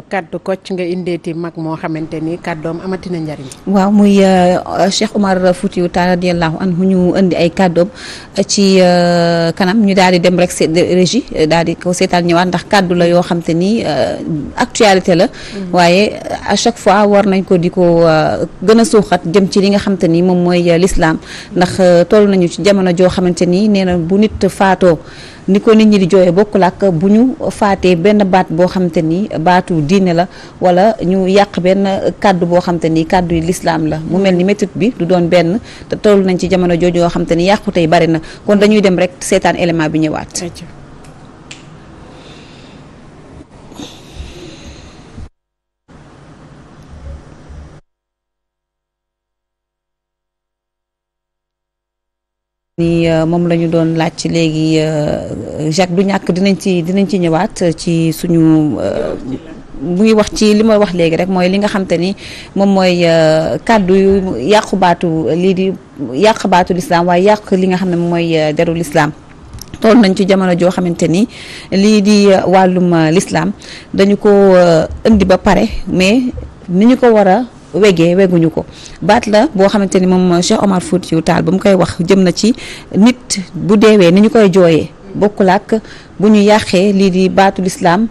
kaddu Kocc nga indeeti mag moo xamante ni kaddoom amati na njariñ. waaw muy euh, Cheikh Omar Foutiyou Tall radiyallahu anhu ñu indi ay kaddoom ci euh, kanam ñu daal di dem rek régie daal di ko seetaan ñëwaat ndax kaddu la yoo xam te ni euh, actualité la. Mm-hmm. waaye à chaque fois war nañ ko di ko gën a suuxat jëm ci li nga xam te ni moom mooy l'islam ndax toll nañu ci jamono joo xamante ni nee bu nit faatoo. ni ko nit ñi di jooyee bokkul ak bu ñu faatee benn baat boo xamante ni baatu diine la wala ñu yàq benn kàddu boo xamante ni kàddu yi lislaam la mu mel ni métit bi du doon benn te toll nañ ci jamono jooju yoo xamante ni yàqute yi bari na kon dañuy dem rek seetaan élément bi ñëwaat ni euh, moom lañu doon laaj ci léegi euh, Jacques du ñàkk dinañ ci dinañ ci ñëwaat ci suñu euh, mu ngi wax ci li ma wax léegi rek mooy li nga xam ni moom mooy kàddu yu yàqu baatu lii di yàq baatu lislaam waaye yàq li nga xam ne mooy deru lislaam tool nañ ci jamono joo xamante ni lii di wàllum lislaam dañu ko indi ba pare mais ni ñu ko war wegee weguñu ko baat la boo xamante ni moom Cheikh Omar Foutiyou Tall ba mu koy wax jëm na ci nit bu deewee ni ñu koy jooyee bokkul ak bu ñu yàqee lii di baatu lislaam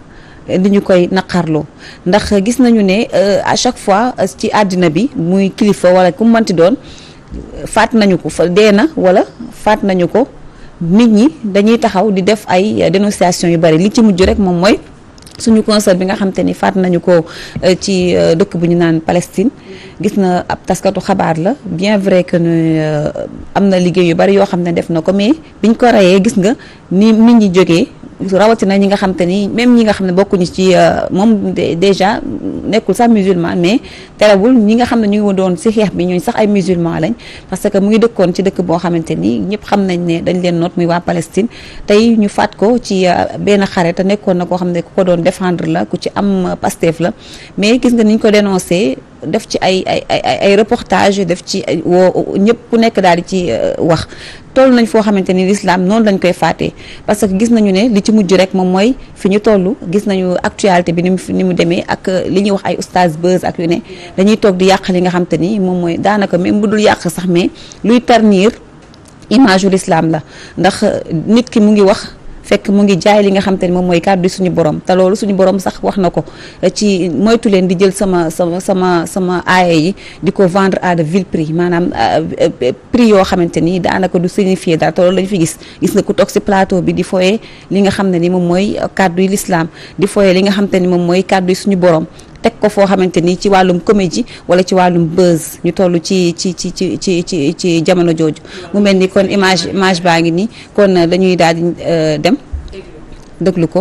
li ñu koy naqarloo ndax gis nañu ne euh, à chaque fois euh, ci àddina bi muy kilifa wala ku mënti doon faat nañu ko fa dee na wala faat nañu ko nit ñi dañuy taxaw di def ay dénonciation yu bari li ci mujj rek moom mooy suñu concert bi nga xam ni faat nañu ko euh, ci euh, dëkk bu ñu naan Palestine gis na ab taskatu xabaar la bien vrai que ne euh, am na liggéey yu bari yoo xam ne def na ko mais biñ ko reyee gis nga ni nit ñi jógee rawatina ñi nga xam te ni même ñi nga xam ne bokkuñu ci euh, moom déjà nekkul sax musulman mais terewul ñi nga xam ne ñu ngi woon doon si xeex bi ñooñ sax ay musulman lañ parce que mu ngi dëkkoon ci dëkk boo xamante ni ñëpp xam nañ ne dañ leen noot muy waa Palestine tey ñu faat ko ci euh, benn xare te nekkoon na koo xam ne ku ko doon défendre la ku ci am euh, Pastef la mais gis nga niñ ko dénoncé def ci ay ay ay ay reportage def ci woo ñëpp ku nekk daal di ci wax toll nañ foo xamante ni l'islam noonu lañ koy fàttee parce que gis nañu ne li ci mujj rek moom mooy fi ñu toll gis nañu actualité bi ni mu ni mu demee ak euh, li ñuy wax ay oustaz buzz ak yu ne dañuy toog di yàq li nga xam te ni moom mooy daanaka même bu dul yàq sax mais luy tarniir image yu la ndax euh, nit ki mu ngi wax fekk mu ngi jaay li nga xam te ne moom mooy kàddu suñu borom te loolu suñu borom sax wax na ko eh, ci moytu leen di jël sama sama sama sama aaye yi di ko vendre a de vil prix maanaam eh, eh, prix yoo xamante ni daanaka du signifier dara te loolu lañu fi gis gis nga ku toog si plateau bi di foyee li nga xam ne ni moom mooy kàddu yi lislaam di foyee li nga xam te ni moom mooy kàddu yi suñu borom teg ko foo xamante ni ci wàllum comédie wala ci wàllum buzz ñu toll ci ci ci ci ci ci ci jamono jooju mu mel ni kon image image baa ngi nii kon dañuy daal di euh, dem déglu ko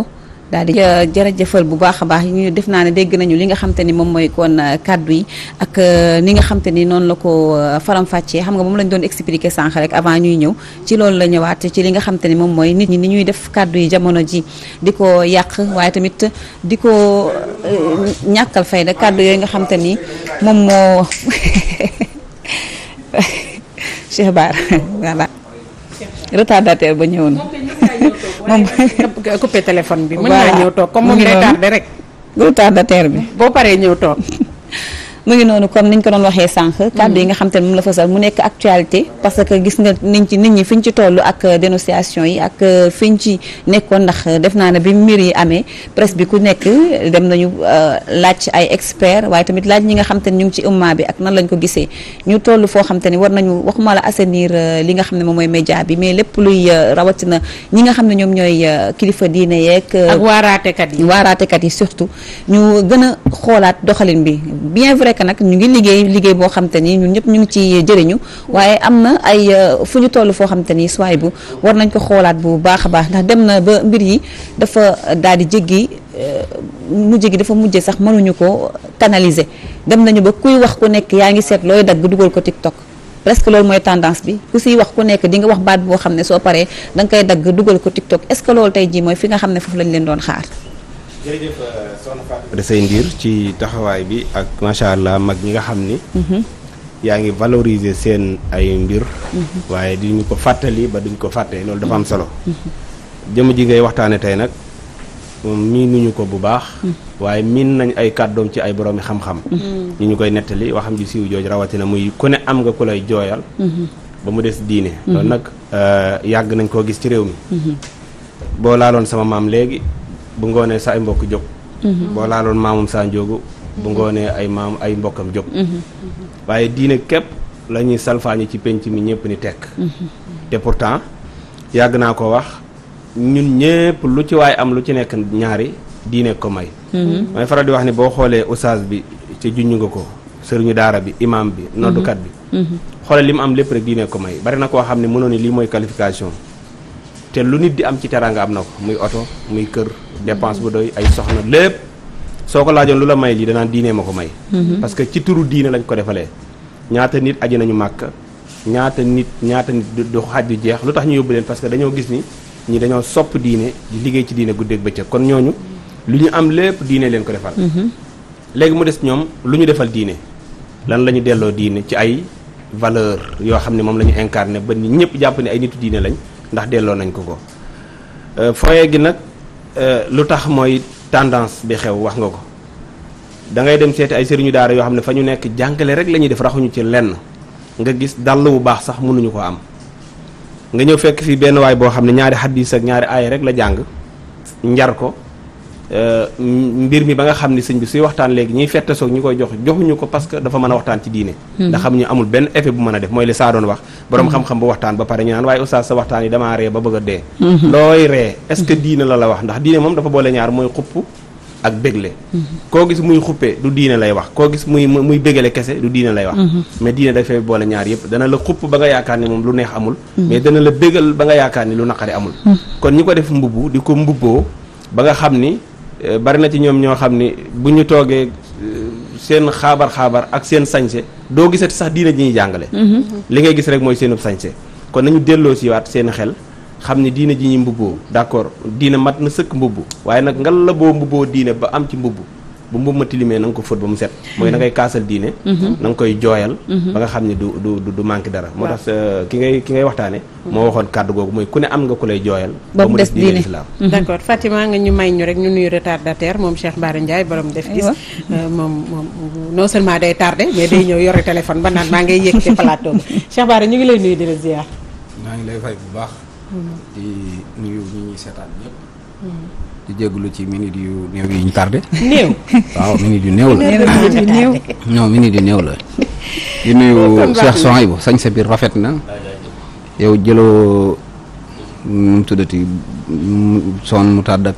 daal di jërëjëfal bu baax a baax ñu def naa ne dégg nañu li nga xam ni moom mooy kon euh, kàddu yi ak euh, ni nga xam ni noonu la ko euh, faram-fàccee xam nga moom lañ doon expliquer sànq rek avant ñuy ñëw ci loolu la ñëwaat ci li nga xam te ni moom mooy nit ñi ni ñuy def kàddu yi jamono ji di ko yàq waaye tamit di ko ñàkkal fayda kàddu yooyu nga xam ni moom moo Cheikh Bara voilà retardataire ba ñëwoon moom coupé téléphone bi. mën naa ñëw toog comme mu ngi retardé rek. retardataire bi. boo paree ñëw toog. mu ngi noonu comme niñ ko doon waxee sànq mm-hmm. kàddu yi nga xam te ne moom la mu nekk actualité parce que gis nga niñ ci nit ñi fi ñu ci toll ak euh, dénonciation yi ak euh, fi ñu ci nekkoon ndax euh, def naa ne bi mbir yi amee presse bi ku nekk dem nañu laaj ay expert waaye tamit laaj ñi nga ne ñu ngi ci umma bi ak nan lañ ko gisee ñu toll foo xam te ni war nañu waxuma la assainir li nga xam ne moom mooy média bi mais lépp luy rawatina ñi nga xam ne ñoom ñooy kilifa diine yeeg ak waaraatekat yi waaraatekat yi surtout ñu gën a xoolaat doxalin bi vrai nag ñu ngi liggéey liggéey boo xam te ni ñun ñëpp ñu ngi ci jëriñu waaye am na ay euh, fu ñu toll foo xam te ni suwaay bu war nañ ko xoolaat bu baax a baax ndax dem na ba mbir yi dafa daal di jéggi euh, mujj gi dafa mujje sax mënuñu ko canaliser dem nañu ba kuy wax ku nekk yaa ngi seet looy dagg dugal ko TikTok presque loolu mooy tendance bi ku siy wax ku nekk di nga wax baat boo xam ne soo paree da nga koy dagg dugal ko TikTok est-ce loolu tey jii mooy fi nga xam ne foofu lañ leen doon xaar jërëjëf euh, soxna ndiir ci taxawaay bi ak macha allah mag ñi nga xam ni. Mhm. yaa ngi valoriser seen ay mbir. Mhm. waaye di ñu ko fàttali ba duñ ko fàtte loolu dafa am solo. Mhm. jëm ji ngay waxtaane tey nag miinuñu ko bu baax. waaye miin nañ ay kàddoom ci ay boromi xam-xam. ñu ñu koy nettali waxam ji siiw jooju rawatina muy ku ne am nga ku lay jooyal. ba mu des diine. loolu nag euh, yàgg nañ koo gis ci réew mi. boo laaloon sama maam léegi. bu ngoonee sa ay mbokk jóg mhm. boo laaloon maamam sa njóogu bu mhm. ngoonee ay maam ay mbokkam jóg mhm. waaye diine képp la ñuy salfaañi ci pénc mi ñëpp ni tekk te pourtant yàgg naa ko wax ñun ñëpp lu ci waay am lu ci nekk ñaari diine ko may may faral di wax ni boo xoolee oustaz bi ci junñu nga ko sëriñu daara bi imam bi noddukat bi xoole li mu am lépp rek diine ko may bari na koo xam ne mënoon ni lii mooy qualification te lu nit di am ci teraanga am na ko muy oto muy kër dépense bu doy ay soxna lépp soo ko laajoon lu la may lii danaan diine ma ko may mhm. parce que ci turu diine lañ ko defalee ñaata nit aji nañu màkk ñaata nit ñaata nit du xaaj du jeex lu tax ñu yóbbu leen parce que dañoo gis ni ñi dañoo sopp diine di liggéey ci diine guddeeg bëccëg kon ñooñu lu ñu am lépp diine leen ko defal mhm. léegi mu des ñoom lu ñu defal diine lan la ñu delloo diine ci ay valeur yoo xam ne moom la ñu incarné ba nit ñëpp jàpp ay nitu diine lañ ndax delloo nañ ko ko euh, foyer gi nag euh, lu tax mooy tendance bi xew wax nga ko dangay dem seeti ay sëriñu daara yoo xam ne fa ñu nekk jànqale rek lañuy def raxuñu ci lenn nga gis dàll bu baax sax mënuñu ko am nga ñëw fekk fii benn waay boo xam ne ñaari xaddiis ak ñaari aay rek la jàng njar ko Euh, mbir mi ba nga xam ni sëñ bi suy waxtaan léegi ñuy fette soog ñu koy jox joxuñu ko parce que dafa mën a waxtaan ci diine hmm. ndax xam ñu amul benn effet bu mën a def mooy li saa doon wax boroom hmm. xam-xam bu waxtaan ba pare ñu naan waaye oustaz sa waxtaan yi damaa ree ba bëgg dee hmm. looy ree est diine la la wax ndax diine moom dafa boole ñaar mooy xupp ak bégle koo gis muy xuppee du diine lay wax koo gis muy muy bégale kese du diine lay wax mais diine dafay boole ñaar yëpp dana la xupp ba nga yaakaar moom lu neex amul mais dana la bégal ba nga yaakaar ni lu naqari amul ko def mbubb di ko mbubboo ba nga Euh, bari na ci ñoom ñoo xam ni bu ñu toogee euh, seen xaabar xaabar ak seen sañse doo gisati sax diine ji ñuy jàngale. Mm-hmm. li ngay gis rek mooy seenub sañse kon nañu delloo waat seen xel xam ni diine ji ñuy mbubboo d'accord diine mat na sëkk mbubbu waaye nag ngal la boo mbubboo diine ba am ci mbubbu bu mbubb ma tilimee na nga ko fóot ba mu set mooy da ngay kaasal diine mhm. na nga koy jooyal mhm. ba nga xam ne du du du manqué dara moo tax euh, ki ngay ki ngay waxtaane moo waxoon kàddu googu mooy ku ne am nga ku lay jooyal ba mu des diine islam mhm. d'accord Fatima nga ñu may ñu rek ñu nuyu retardataire moom Cheikh Bara Ndiaye borom def gis euh, moom moom non seulement day tardé mais ñëw yore téléphone ba naan maa ngay yéeg ci plateau ba Cheikh Bara ñu ngi lay nuyu di la ziar maa ngi lay fay bu baax di nuyu ñi ñuy seetaan ñëpp di ci minute yu néew yi ñu tardé. néew waaw minute yu néew la. néew non minute yu néew la. di nuyu Cheikh Souhaïbou sañ sa biir rafet na. yow jëloo mu tuddati son mu tàdd ak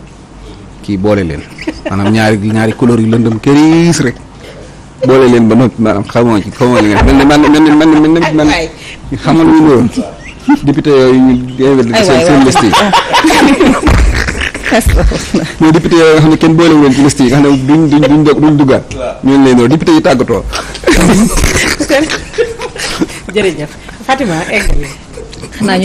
kii boole leen maanaam ñaari ñaari couleur yu lëndëm këriis rek. boole leen ba noppi maanaam xamoo ci xamoo li nga mel ne man man man ñu woon député yooyu seen seen yi xes la mooy député yooyu nga xam ne kenn boole wu leen ci liste yi nga xam ne duñ duñ duñ ñooñu lay doon député yi tàggatoo. jërëjëf Fatima egg ñu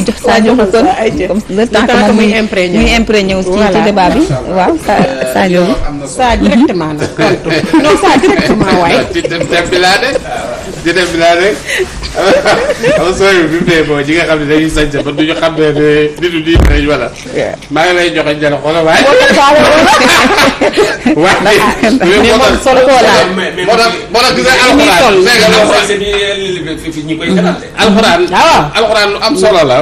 jox Sadio Xassan comme le temps que muy imprégné muy imprégné wu ci débat bi waaw euh, Sadio. Sadio directement nag tontu non Sadio directement waaye. déterminant rek am na bi mu dee boo ñi nga xam ne dañuy sañse ba duñu xam ne ne nitu di nañ wala maa ngi lay joxe jël xoolal waaye wax bi moo tax moo tax lu am solo la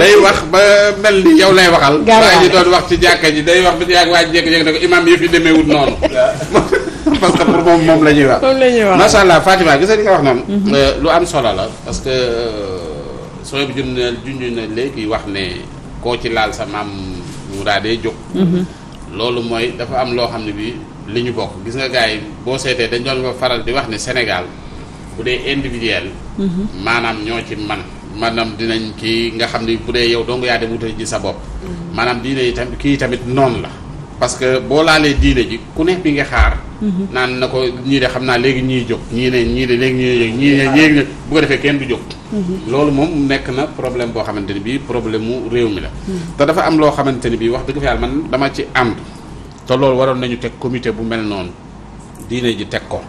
day wax ba mel ni yow lay waxal waa ji doon wax ci jàkka ji day wax ba ci yàgg waa ji jékki ne ko imaam yëf yi demeewut noonu parce que pour moom moom la ñuy wax. moom la ñuy wax macha allah Fatima gis nga wax noonu. Mhm. Euh, lu am solo la parce que euh, sooy bu jun na junj na léegi wax ne koo ci laal sa maam mu daal dee jóg. Mhm. loolu mooy dafa am loo xam ne bi li ñu bokk gis nga gars yi boo seetee dañ doon faral di wax ne Sénégal bu dee individuel. Mhm. maanaam ñoo ci man maanaam dinañ kii nga xam ni bu dee yow dong yaa dem wutal ji sa bopp. maanaam diine yi tam kii tamit noonu la. parce que boo laalee diine xaar Mm-hmm. naan na ko ñii de xam naa léegi ñii jóg ñii ne ñii de léegi ñii jóg ñii ne léegi ah. bu ko defee kenn du jóg mm-hmm. loolu moom nekk na problème boo xamante ni bii problème mu réew mi la mm-hmm. te dafa am loo xamante ni bii wax dëgg fa yàlla man dama ci ànd loolu waroon nañu teg comité bu mel noonu diine ji teg ko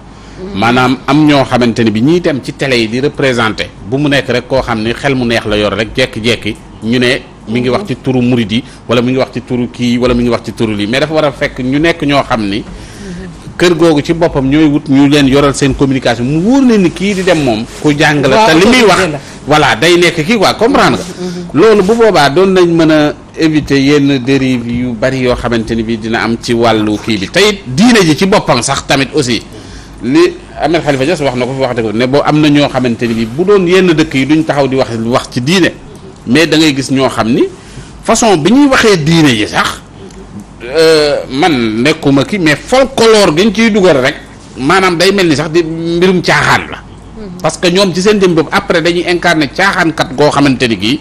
maanaam am ñoo xamante ni bi ñiy dem ci télé yi di représenté bu mu nekk rek koo xam ni xel mu neex la yor rek jekki-jekki ñu ne mu ngi wax ci turu murid yi wala mi ngi wax ci turu kii wala mu ngi wax ci turu lii mais dafa war a fekk ñu nekk ñoo xam ni kër googu ci boppam ñooy wut ñu leen yoral seen communication mu wóor leen ni kii di dem moom ku jàng la te li muy wax voilà day nekk kii quoi comprendre nga mm-hmm, mm-hmm. bu boobaa doon nañ mën a éviter yenn dérive yu bari yoo xamante ni bi dina am ci wàllu kii bi tey diine ji ci boppam sax tamit aussi li Ahmed Khalifa Niass wax na ko fi wax dëgg ne boo am na ñoo xamante ni bi bu doon yenn dëkk yi duñ taxaw di wax wax ci diine mais da ngay gis ñoo xam ni façon bi ñuy waxee diine ji sax Euh, man nekkuma ki mais folklore gañ ciy dugal rek maanaam day mel ni sax di mbirum caaxaan la. Mhm. parce que ñoom ci seen jëm bopp après dañuy incarné caaxaankat goo xamante ni kii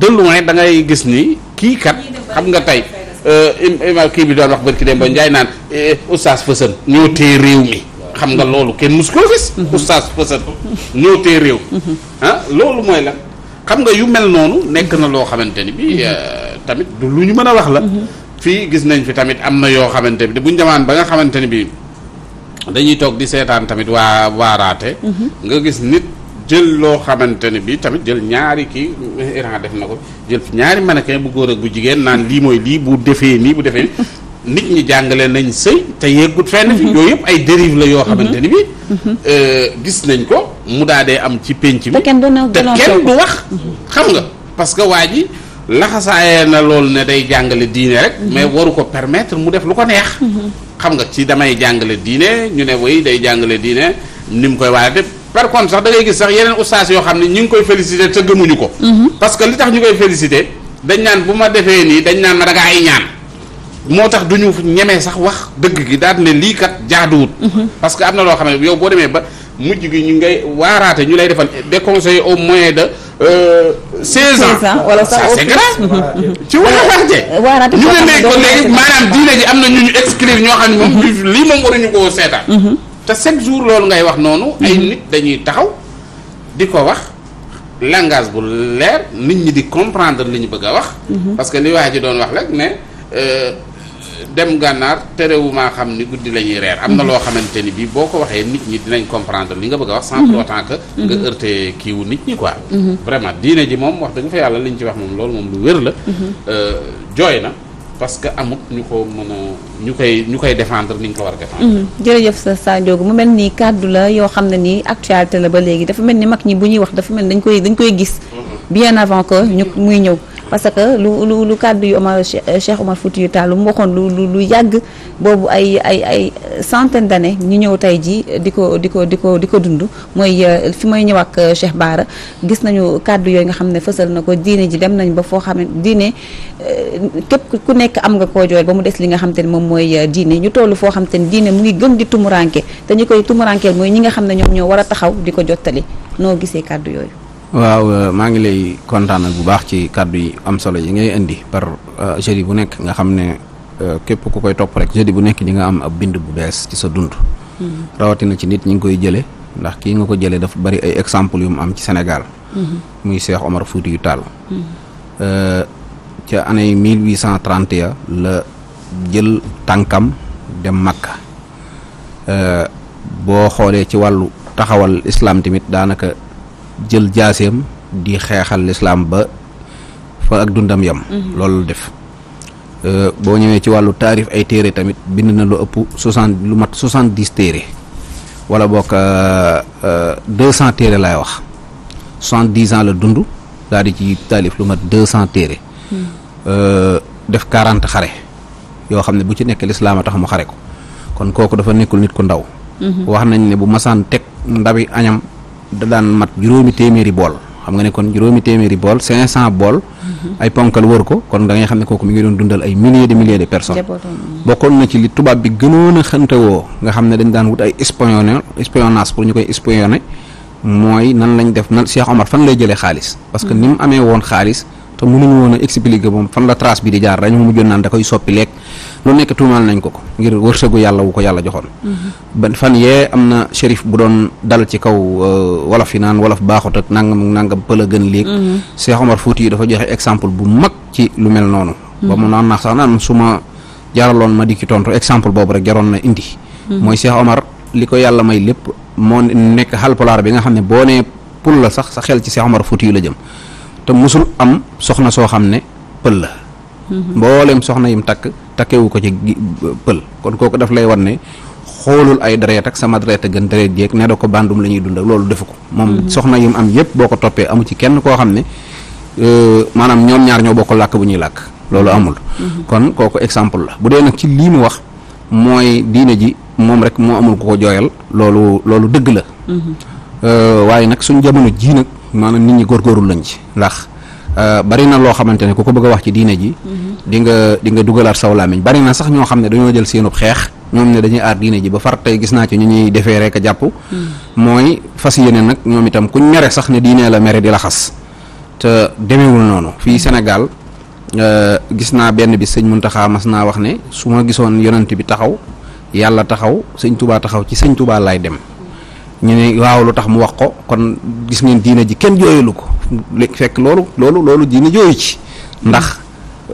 de loin da ngay gis ni kii kat xam nga tey euh, kii bi doon wax barki dem ba Ndiaye naan eh, oustaz fësën ñëw tee réew mi. xam nga loolu kenn mus koo gis. Mhm. oustaz fësën ñëw tee réew. Mhm. Ah, loolu mooy la xam nga yu mel noonu. nekk na loo xamante ni bi euh, tamit du lu ñu mën a wax la. fii gis nañ fi tamit am na yoo xamante bi bu ñu demaan ba nga xamante ni bi dañuy toog di seetaan tamit waa waaraate mhm. nga gis nit jël loo xamante ni bi tamit jël ñaari kii Iran def na ko jël ñaari mannequin bu góor ak bu jigéen naan lii mooy lii bu defee nii bu defee nii nit ñi jàngale nañ sëy te yeggut fenn fi mhm. yooyu yëpp ay dérive la yoo mhm. xamante ni bi euh, gis nañ ko mu daadee am ci pénc bi te kenn du wax xam nga parce waa ji laxasaayee na loolu ne day jàngale diine rek mhm. mais waru ko permettre mu def lu ko neex mhm. xam nga ci damay jàngale diine ñu ne way day jàngale diine ni mu koy waaye te par contre sax da ngay gis sax yeneen ustaas yoo xam ne ñu ngi koy féliciter te gëmuñu ko mhm. parce que li tax ñu koy féliciter dañ naan bu ma defee nii dañ naan ma da ay ñaan moo tax du ñu ñemee sax wax dëgg gi daal ne lii kat jaaduwut parce que am na loo xam ne yow boo demee ba mujj gi ñu ngay waaraate ñu lay defal déconseillé au moins de. 16 euh, ans wala ça c'est grave ci waaraate. ñu ne léegi kon léegi maanaam diine ji am na ñu ñu exclure ñoo xam ne moom lii moom waruñu koo seetaan. Mhm. te chaque jour loolu ngay wax noonu. ay mhm. nit dañuy taxaw di ko wax. langage bu leer nit ñi di comprendre li ñu bëgg a wax. Mhm. parce que li waa ji doon wax rek ne. Euh, dem gànnaar terewumaa xam ni guddi la ñuy reer am na loo xamante ni bii boo ko waxee nit ñi dinañ comprendre li nga bëgg a wax sans pour autant que mhm. nga heurté kiiwu nit ñi quoi mhm. vraiment diine ji moom wax dëgg fa yàlla li ci wax moom loolu moom lu wér la mhm. euh, jooy na parce que amut ñu ko mën a ñu koy ñu ni ñu ko war a défendre. jërëjëf sa Sa Ndiogou mu mel ni kàddu la yoo xam ne nii actualité la ba léegi dafa mel ni mag ñi bu ñuy wax dafa mel ni dañ koy dañ koy gis. bien avant que parce que lu lu lu kàddu yu Omar euh, Cheikh Omar Foutiyou Tall lu mu waxoon lu lu lu yàgg boobu ay ay ay centaine d'années ñu ñëw tey ji di ko di ko di ko di ko dund mooy euh, fi may ñëw ak euh, Cheikh gis nañu kàddu yooyu nga xam ne fësal na ko diine ji dem nañ ba foo xam ne diine képp ku nekk am nga koo jooyal ba mu des li nga xam ne moom mooy diine ñu toll foo xam te ne diine mu ngi gën di tumuranke te ñi koy tumurankeel mooy ñi nga xam ne ñoom ñoo war a taxaw di ko jottali noo gisee kàddu yooyu waaw euh, maa ngi lay kontaanal bu baax ci kàddu yi am solo yi ngay indi par euh, jeudi bu nekk nga xam ne euh, képp ku koy topp rek jeudi bu nekk di nga am ab bind bu bees ci sa dund. Mm-hmm. rawatina ci nit ñi ngi koy jëlee ndax kii nga ko jëlee dafa bari ay exemple yu mu am ci Sénégal. Mm-hmm. muy Cheikh Omar Foutiyou Tall. Mm-hmm. ca année mille huit la jël tànkam dem Makka boo xoolee ci wàllu taxawal islam tamit daanaka. jël jaaseem di xeexal lislaam ba fa ak dundam yam mhm. loolu def euh, boo ñëwee ci wàllu taarif ay téere tamit bind na lu ëpp soixante lu mat soixante dix téere wala bokk euh, euh, deux cent téere laay wax soixante dix ans la dund daal di ci taalif lu mat deux cent téere hmm. def quarante xare yoo xam ne bu ci nekk lislaam a tax mu xare ko kon kooku dafa nekkul nit ku ndaw mhm. wax nañ ne bu masaan teg ndabi añam da daan mat juróomi téeméeri bool xam nga ne kon juróomi téeméeri bool 500 bool. Mhm. ay ponkal wër ko kon da ngay xam ne kooku mi ngi doon dundal ay milliers de milliers de personnes. bokkoon na ci li tubaab bi gënoon a xantewoo nga xam ne dañ daan wut ay espionnage espionnage pour ñu koy espionner. mooy nan lañ def nan Cheikh Omar fan lay jëlee xaalis. parce que ni mu amee woon xaalis te mënuñu woon a expliquer moom fan la trace bi di jaar dañu mujjoon naan da koy soppi lekk lu nekk tuumaal nañ ko ko ngir wërsëgu yàlla wu ko yàlla joxoon. Mhm. ba fan yee am na shérif bu doon dal ci kaw euh, wolof yi naan wolof baaxut ak nangam nangam pël a gën léeg. Mhm. Cheikh Omar Fouti yi dafa joxe exemple bu mag ci lu mel noonu. ba mu mhm. naan naax sax naan su ma jaaraloon ma dikki ci tontu exemple boobu rek jaroon na indi. li ko yàlla may lépp moo nekk xalpulaar bi nga xam ne boo nee pël la sax sa xel ci Cheikh Omar Foutiyou la jëm te musul am soxna soo xam ne pël la mm-hmm. mbooleem soxna yim takk takkewu ko ci pël kon kooku daf lay wan ne xoolul ay deret ak sama deret a gën deret jeeg ne da ko bandum la ñuy dund ak loolu defu ko moom mm-hmm. soxna yim am yëpp boo ko toppee amu ci kenn koo xam ne euh, maanaam ñoom ñaar ñoo bokk làkk bu ñuy làkk loolu amul mm-hmm. kon kooku exemple la bu dee nag moom rek moo amul ku ko jooyal loolu loolu dëgg la mhm. euh, waaye nag suñ jamono jii nag maanaam nit ñi góorgóorlu lañ ci ndax euh, bari na loo xamante ne ku ko bëgg a wax ci diine ji mhm. di nga di nga dugalaat saw làmmiñ bari na sax ñoo xam ne dañoo jël seenub xeex ñoom ne dañuy aar diine ji ba far tey gis naa ci ñu ñuy defee rek a jàpp mhm. mooy fas yéene nag ñoom itam kuñ mere sax ne diine la mere di la te demeewul noonu fii Sénégal euh, gis naa benn bi sëñ Muntaxa mas naa wax ne su ma gisoon yonent bi taxaw yàlla taxaw sëñ tubaa taxaw ci sañ tubaa laay dem ñu ne waaw lu tax mu wax ko kon gis ngeen diina ji kenn jooyalu ko fekk loolu loolu loolu diina jooyu ci ndax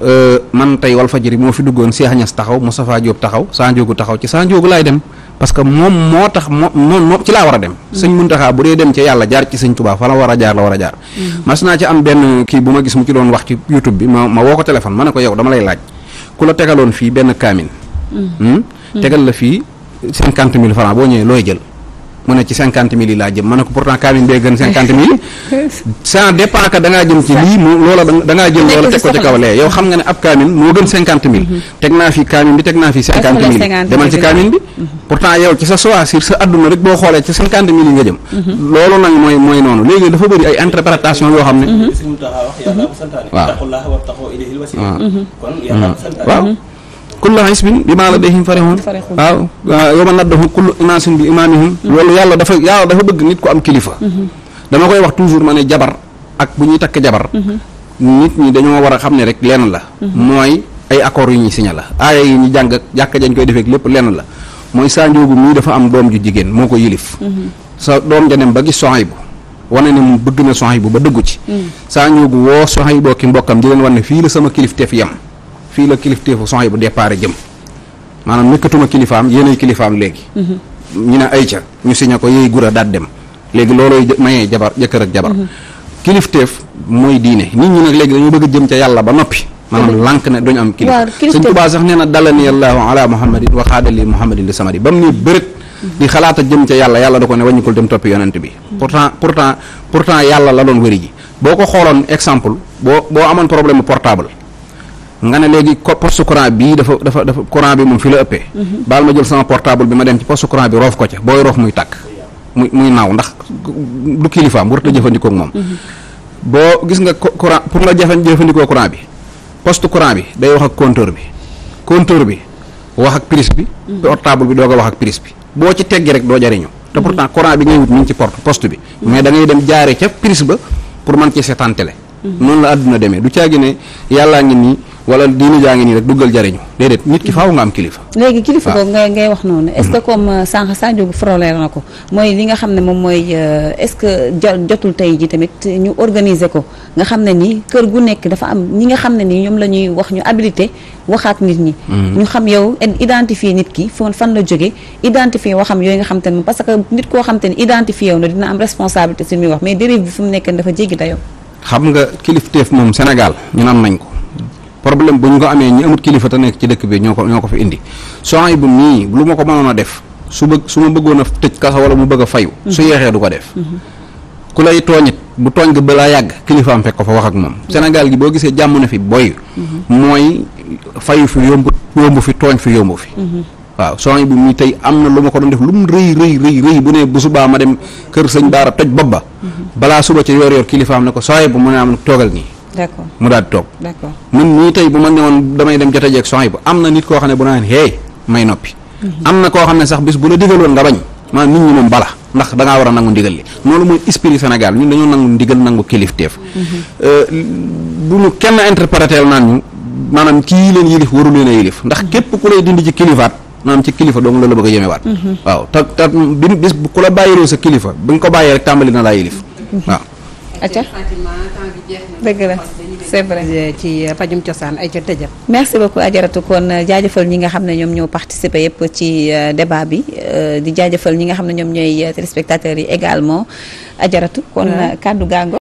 euh, man tey Walfadjri moo fi duggoon Cheikh Niass taxaw Moustapha Diop taxaw Sanjoogu taxaw ci Sanjoogu laay dem parce que moom moo tax moo moom ci laa war a dem mm. sëñ taxaa bu dee dem ca yàlla jaar ci sëñ Tuubaa fa la war a jaar la war a jaar mm. naa ci am benn kii bu ma gis mu ci doon wax ci YouTube bi ma woo ko téléphone ma ne ko yow dama lay laaj ku fii benn kaamin mm. hmm? tegal la fii cinquante mille francs boo ñëwee looy jël mu ne ci cinquante mille yi laa jëm ma ne ko pourtant kaamil bee gën cinquante mille sans dépend que da ngaa jëm ci lii mu loola da ngaa jël loola teg ko ci kaw lee yow xam nga ne ab kaamil moo gën cinquante mille mhm. teg naa fi kaamil bi teg naa fi cinquante mille demal ci kaamil bi mhm. pourtant yow ci sa choisir sa adduna rek boo xoolee ci cinquante mille yi nga jëm mhm. loolu nag mooy mooy noonu léegi dafa bëri ay interprétation yoo xam ne waaw waaw waaw kullu hisbin bimaa ladayhim farihun waaw yawma nad'u kullu unaasin bi imaamihim mm-hmm. loolu yàlla dafa yàlla dafa bëgg nit ku am kilifa mm-hmm. dama koy wax toujours ma ne jabar ak bu ñuy takk jabar mm-hmm. nit ñi dañoo war a xam ne rek lenn la mooy ay accords yu ñuy signé la aaya yi ñu jàng ak jàkka jañ koy defeek lépp lenn la mooy Sa Ndiogou mii dafa am doom ju jigéen moo ko yilif sa doom ja dem ba gis Sohaybu wane ne mu bëgg na bu ba dëggu ci mm. Sa Ndiogou woo Sohaybu ki mbokkam di leen wan ne fii la sama kilif teef yam fii la kilifteefu son yi bu départ jëm maanaam nekkatuma kilifaam yéenay kilifaam léegi. Mm-hmm. ñu ne ayca ñu signé ko yooyu gura daat dem léegi loolooy mayee jabar jëkkër ak jabar. Mm-hmm. kilifteef mooy diine nit ñi nag léegi dañoo bëgg jëm ca yàlla ba noppi. maanaam mm-hmm. lànk ne duñ am kilifa sëñ Tuubaa sax nee na dalani allahu ala muhammadin wa xaadali muhammadin li samadi ba mu ne bërët di xalaata jëm ca yàlla yàlla da ko ne wàññikul dem toppi yonent bi pourtant pourtant pourtant la doon wëri boo ko xooloon exemple boo boo amoon problème nga ne léegi poste courant bii dafa dafa dafa courant bi moom fi la ëppee. Mhm. baal ma jël sama portable bi ma dem ci poste courant bi roof ko ca booy roof muy tàkk muy naaw ndax du kilifaam warut a jëfandikoo moom. Mhm. boo gis nga courant pour nga jëfandikoo courant bi poste courant bi day wax ak compteur bi compteur bi wax ak prise bi. Mhm. portable bi doo ko wax ak prise bi boo ci teggi rek doo jariñu te pourtant courant bi ngay wut mi ci porte poste bi. mais dangay ngay dem jaaree ca prise ba pour mën ci noonu la àdduna demee du caagi ne yàllaa wala diina jaa ngi nii rek duggal jariñu déedéet nit ki mm-hmm. faaw nga am kilifa. léegi kilifa boobu ngay ngay wax noonu. est-ce que mm-hmm. comme euh, sànq Sadio frolère na ko mooy li nga xam ne moom mooy euh, est-ce que jotul tey ji tamit ñu organiser ko nga xam ne nii kër gu nekk dafa am ñi nga xam ne nii ñoom la ñuy wax ñu habilité waxaat nit ñi. Mm-hmm. ñu xam yow identifier nit ki fan fan la jógee identifier waxam yooyu nga xam te ne parce que nit koo xam te ne identifier wu am responsabilité si wax mais dérive bi fu mu dafa jéggi dayoo. xam nga kilifteef moom Sénégal ñun nañ ko. problème bu ñu ko amee ñi amut kilifa te nekk ci dëkk bi ñoo ko ñoo ko fi indi soxna bu mii lu ma ko mënoon a def su bëgg su ma bëggoon a tëj wala mu bëgg a fayu su mhm. du ko def mhm. ku lay bu tooñ balaa yàgg kilifaam fekk ko fa wax ak moom mhm. Sénégal boo gisee jàmm na fi mooy fayu fi yomb fi tooñ fi yomb fi bu mii tey am na lu ma ko doon def lu mu rëy rëy rëy ne kër sëñ Baara toj bopp ba balaa suba ci yor yor kilifaam ne ko soxna bu mu am toogal nii d'accord mu daal di toog. d'accord man tey bu ma ne woon damay dem jotee jeeg soxna bu am na nit koo xam ne bu naan hey may noppi. Mhm. am na koo xam ne sax bis bu la digaloon nga bañ. maanaam nit ñi moom bala ndax da war a nangu ndigal li noonu mooy esprit Sénégal ñun dañoo nangu ndigal nangu kilifteef. Mhm. Euh, bu ñu kenn interpréter naan ñu maanaam kii leen yilif waru a yilif ndax mhm. képp ku lay dindi ci kilifaat maanaam ci kilifa dong la la bëgg a jëmewaat. waaw te te bis ku la bàyyiloo sa kilifa bi ko bàyyee rek na laa yilif waaw. acca dëgg la c'est vrai cosaan ay ca tëjal merci beaucoup ajaratu kon euh, jaajëfal ñi nga xam ne ñoom ñoo participé yëpp ci euh, débat bi euh, di jaajëfal ñi nga xam ne ñoom ñooy téléspectateurs yi également ajaratu kon kàddu gaango